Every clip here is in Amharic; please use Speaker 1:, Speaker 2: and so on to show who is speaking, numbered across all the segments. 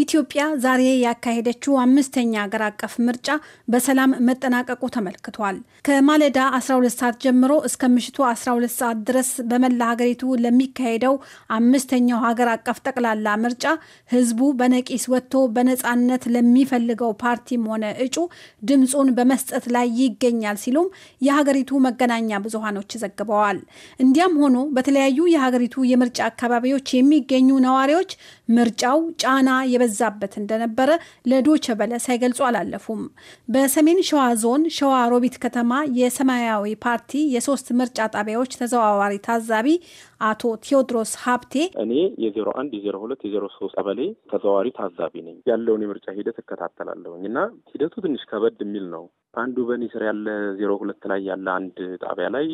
Speaker 1: ኢትዮጵያ ዛሬ ያካሄደችው አምስተኛ አገር አቀፍ ምርጫ በሰላም መጠናቀቁ ተመልክቷል። ከማለዳ 12 ሰዓት ጀምሮ እስከ ምሽቱ 12 ሰዓት ድረስ በመላ ሀገሪቱ ለሚካሄደው አምስተኛው ሀገር አቀፍ ጠቅላላ ምርጫ ህዝቡ በነቂስ ወጥቶ በነፃነት ለሚፈልገው ፓርቲም ሆነ እጩ ድምፁን በመስጠት ላይ ይገኛል ሲሉም የሀገሪቱ መገናኛ ብዙሃኖች ዘግበዋል። እንዲያም ሆኖ በተለያዩ የሀገሪቱ የምርጫ አካባቢዎች የሚገኙ ነዋሪዎች ምርጫው ጫና የበዛበት እንደነበረ ለዶቸ በለ ሳይገልጹ አላለፉም። በሰሜን ሸዋ ዞን ሸዋ ሮቢት ከተማ የሰማያዊ ፓርቲ የሶስት ምርጫ ጣቢያዎች ተዘዋዋሪ ታዛቢ አቶ ቴዎድሮስ ሀብቴ
Speaker 2: እኔ የዜሮ አንድ የዜሮ ሁለት የዜሮ ሶስት ቀበሌ ተዘዋዋሪ ታዛቢ ነኝ። ያለውን የምርጫ ሂደት እከታተላለሁኝ እና ሂደቱ ትንሽ ከበድ የሚል ነው። አንዱ በእኔ ስር ያለ ዜሮ ሁለት ላይ ያለ አንድ ጣቢያ ላይ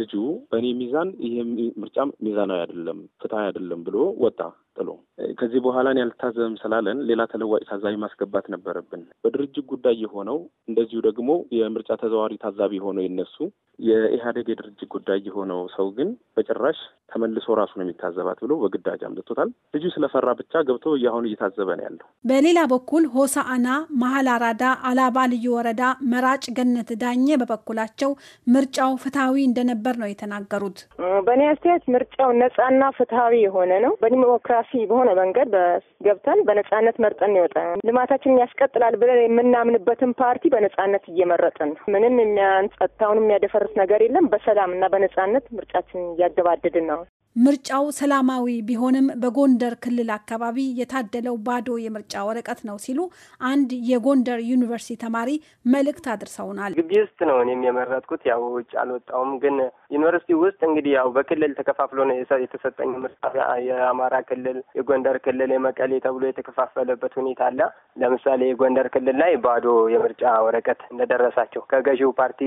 Speaker 2: ልጁ በእኔ ሚዛን ይሄ ምርጫ ሚዛናዊ አይደለም፣ ፍትሐዊ አይደለም ብሎ ወጣ። ቀጥሎ ከዚህ በኋላ ያልታዘም ስላለን ሌላ ተለዋጭ ታዛቢ ማስገባት ነበረብን። በድርጅት ጉዳይ የሆነው እንደዚሁ ደግሞ የምርጫ ተዘዋዋሪ ታዛቢ የሆነው የነሱ የኢህአዴግ የድርጅት ጉዳይ የሆነው ሰው ግን በጭራሽ ተመልሶ ራሱ ነው የሚታዘባት ብሎ በግዳጅ አምልቶታል። ልጁ ስለፈራ ብቻ ገብቶ እያሁን እየታዘበ
Speaker 1: ነው ያለው። በሌላ በኩል ሆሳአና፣ መሀል አራዳ፣ አላባ ልዩ ወረዳ መራጭ ገነት ዳኘ በበኩላቸው ምርጫው ፍትሐዊ እንደነበር ነው የተናገሩት። በእኔ
Speaker 2: አስተያየት ምርጫው ነጻና ፍትሐዊ የሆነ ነው በዲሞክራ ዲሞክራሲ በሆነ መንገድ ገብተን በነጻነት መርጠን ይወጣ ልማታችን ያስቀጥላል ብለን የምናምንበትን ፓርቲ በነጻነት እየመረጥን ምንም የሚያን ጸጥታውን የሚያደፈርስ ነገር የለም። በሰላም እና በነጻነት ምርጫችን እያገባደድን ነው።
Speaker 1: ምርጫው ሰላማዊ ቢሆንም በጎንደር ክልል አካባቢ የታደለው ባዶ የምርጫ ወረቀት ነው ሲሉ አንድ የጎንደር ዩኒቨርሲቲ ተማሪ መልእክት አድርሰውናል።
Speaker 2: ግቢ ውስጥ ነው እኔም የመረጥኩት፣ ያው ውጭ አልወጣውም። ግን ዩኒቨርሲቲ ውስጥ እንግዲህ ያው በክልል ተከፋፍሎ ነው የተሰጠኝ ምርጫ። የአማራ ክልል፣ የጎንደር ክልል፣ የመቀሌ ተብሎ የተከፋፈለበት ሁኔታ አለ። ለምሳሌ የጎንደር ክልል ላይ ባዶ የምርጫ ወረቀት እንደደረሳቸው ከገዢው ፓርቲ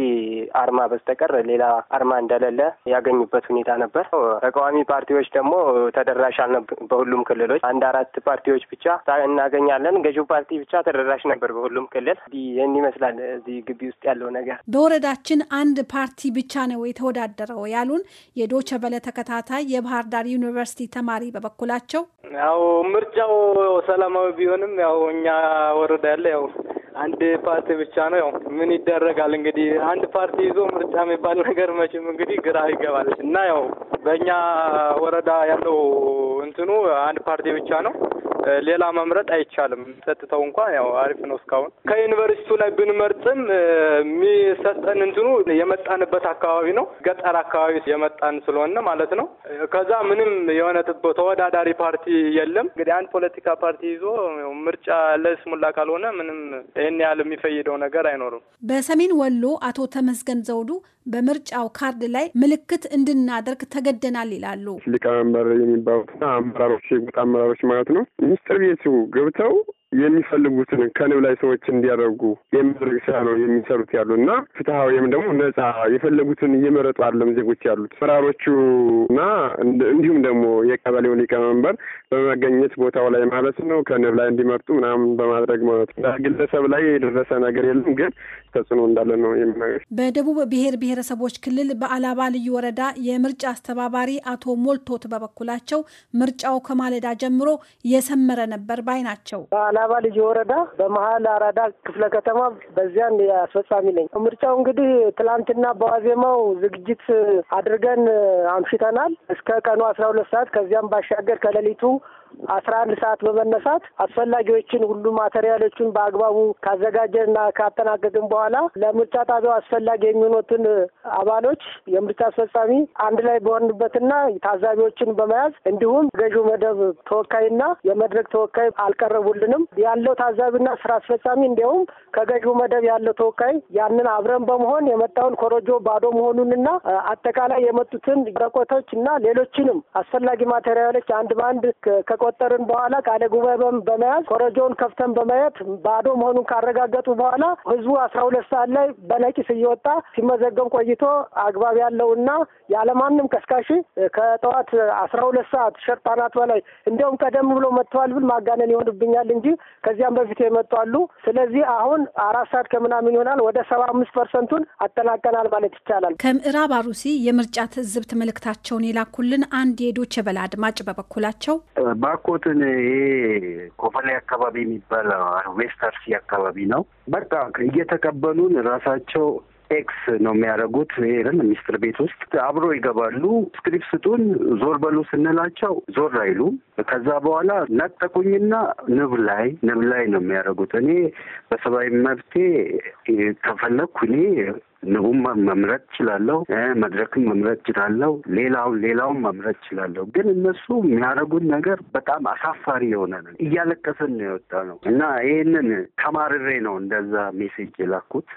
Speaker 2: አርማ በስተቀር ሌላ አርማ እንደሌለ ያገኙበት ሁኔታ ነበር ተቃዋሚ ተቃዋሚ ፓርቲዎች ደግሞ ተደራሽ አልነበር። በሁሉም ክልሎች አንድ አራት ፓርቲዎች ብቻ እናገኛለን። ገዢው ፓርቲ ብቻ ተደራሽ ነበር በሁሉም ክልል። ይህን ይመስላል እዚህ ግቢ ውስጥ ያለው ነገር።
Speaker 1: በወረዳችን አንድ ፓርቲ ብቻ ነው የተወዳደረው ያሉን የዶቸ በለ ተከታታይ የባህር ዳር ዩኒቨርሲቲ ተማሪ በበኩላቸው
Speaker 2: ያው ምርጫው ሰላማዊ ቢሆንም ያው እኛ ወረዳ ያለ ያው አንድ ፓርቲ ብቻ ነው። ያው ምን ይደረጋል እንግዲህ አንድ ፓርቲ ይዞ ምርጫ የሚባል ነገር መቼም እንግዲህ ግራ ይገባል እና ያው በእኛ ወረዳ ያለው እንትኑ አንድ ፓርቲ ብቻ ነው። ሌላ መምረጥ አይቻልም። ሰጥተው እንኳን ያው አሪፍ ነው። እስካሁን ከዩኒቨርሲቲው ላይ ብንመርጥም የሚሰጠን እንትኑ የመጣንበት አካባቢ ነው፣ ገጠር አካባቢ የመጣን ስለሆነ ማለት ነው። ከዛ ምንም የሆነ ተወዳዳሪ ፓርቲ የለም። እንግዲህ አንድ ፖለቲካ ፓርቲ ይዞ ምርጫ ለስሙላ ካልሆነ ምንም ይህን ያህል የሚፈይደው ነገር አይኖርም።
Speaker 1: በሰሜን ወሎ አቶ ተመስገን ዘውዱ በምርጫው ካርድ ላይ ምልክት እንድናደርግ ተገደናል ይላሉ።
Speaker 2: ሊቀመንበር የሚባሉትና አመራሮች የጉጥ አመራሮች ማለት ነው ሚኒስትር ቤቱ ገብተው የሚፈልጉትን ከንብ ላይ ሰዎች እንዲያደርጉ የሚያደርግ ስራ ነው የሚሰሩት ያሉ እና ወይም ደግሞ ነጻ የፈለጉትን እየመረጡ አለም ዜጎች ያሉት ፈራሮቹ እና እንዲሁም ደግሞ የቀበሌው ሊቀመንበር በመገኘት ቦታው ላይ ማለት ነው ከንብ ላይ እንዲመርጡ ምናምን በማድረግ ማለት ነው። ግለሰብ ላይ የደረሰ ነገር የለም ግን ተጽዕኖ እንዳለ ነው
Speaker 1: የምናገር። በደቡብ ብሔር ብሔረሰቦች ክልል በአላባ ልዩ ወረዳ የምርጫ አስተባባሪ አቶ ሞልቶት በበኩላቸው ምርጫው ከማለዳ ጀምሮ የሰመረ ነበር ባይ ናቸው። የራባ ልጅ
Speaker 2: ወረዳ በመሀል አራዳ ክፍለ ከተማ በዚያን አስፈጻሚ ነኝ። ምርጫው እንግዲህ ትላንትና በዋዜማው ዝግጅት አድርገን አምሽተናል እስከ ቀኑ አስራ ሁለት ሰዓት ከዚያም ባሻገር ከሌሊቱ አስራ አንድ ሰዓት በመነሳት አስፈላጊዎችን ሁሉ ማቴሪያሎችን በአግባቡ ካዘጋጀና ካጠናቀቅን በኋላ ለምርጫ ጣቢያው አስፈላጊ የሚሆኑትን አባሎች የምርጫ አስፈጻሚ አንድ ላይ በሆንበትና ታዛቢዎችን በመያዝ እንዲሁም ገዢው መደብ ተወካይና የመድረክ ተወካይ አልቀረቡልንም ያለው ታዛቢና ስራ አስፈጻሚ እንዲያውም ከገዢው መደብ ያለው ተወካይ ያንን አብረን በመሆን የመጣውን ኮረጆ ባዶ መሆኑንና አጠቃላይ የመጡትን ረቆቶች እና ሌሎችንም አስፈላጊ ማቴሪያሎች አንድ በአንድ ከቆ ከቆጠርን በኋላ ቃለ ጉባኤ በመያዝ ኮረጆውን ከፍተን በማየት ባዶ መሆኑን ካረጋገጡ በኋላ ህዝቡ አስራ ሁለት ሰዓት ላይ በነቂስ እየወጣ ሲመዘገብ ቆይቶ አግባብ ያለውና ያለማንም ቀስቃሽ ከጠዋት አስራ ሁለት ሰዓት ሸርጣናት በላይ እንዲያውም ቀደም ብሎ መጥተዋል ብል ማጋነን ይሆንብኛል እንጂ ከዚያም በፊት የመጡ ስለዚህ አሁን አራት ሰዓት ከምናምን ይሆናል ወደ ሰባ አምስት
Speaker 1: ፐርሰንቱን አጠናቀናል ማለት ይቻላል። ከምዕራብ አሩሲ የምርጫ ትዝብት መልእክታቸውን የላኩልን አንድ የዶቼ ቬለ አድማጭ በበኩላቸው
Speaker 2: ማኮትን ይሄ ኮፈሌ አካባቢ የሚባል ዌስተርሲ አካባቢ ነው። በቃ እየተቀበሉን ራሳቸው ኤክስ ነው የሚያደርጉት። ይሄንን ሚኒስትር ቤት ውስጥ አብሮ ይገባሉ። ስክሪፕ ስጡን፣ ዞር በሉ ስንላቸው ዞር አይሉም። ከዛ በኋላ ነጠቁኝና ንብ ላይ ንብ ላይ ነው የሚያደርጉት። እኔ በሰብአዊ መብቴ ከፈለግኩ እኔ ንቡም መምረጥ ችላለሁ፣ መድረክን መምረጥ ችላለሁ፣ ሌላው ሌላውን መምረጥ ችላለሁ። ግን እነሱ የሚያደረጉን ነገር በጣም አሳፋሪ የሆነ ነው። እያለቀሰን ነው የወጣ ነው እና ይህንን ተማርሬ ነው እንደዛ ሜሴጅ የላኩት።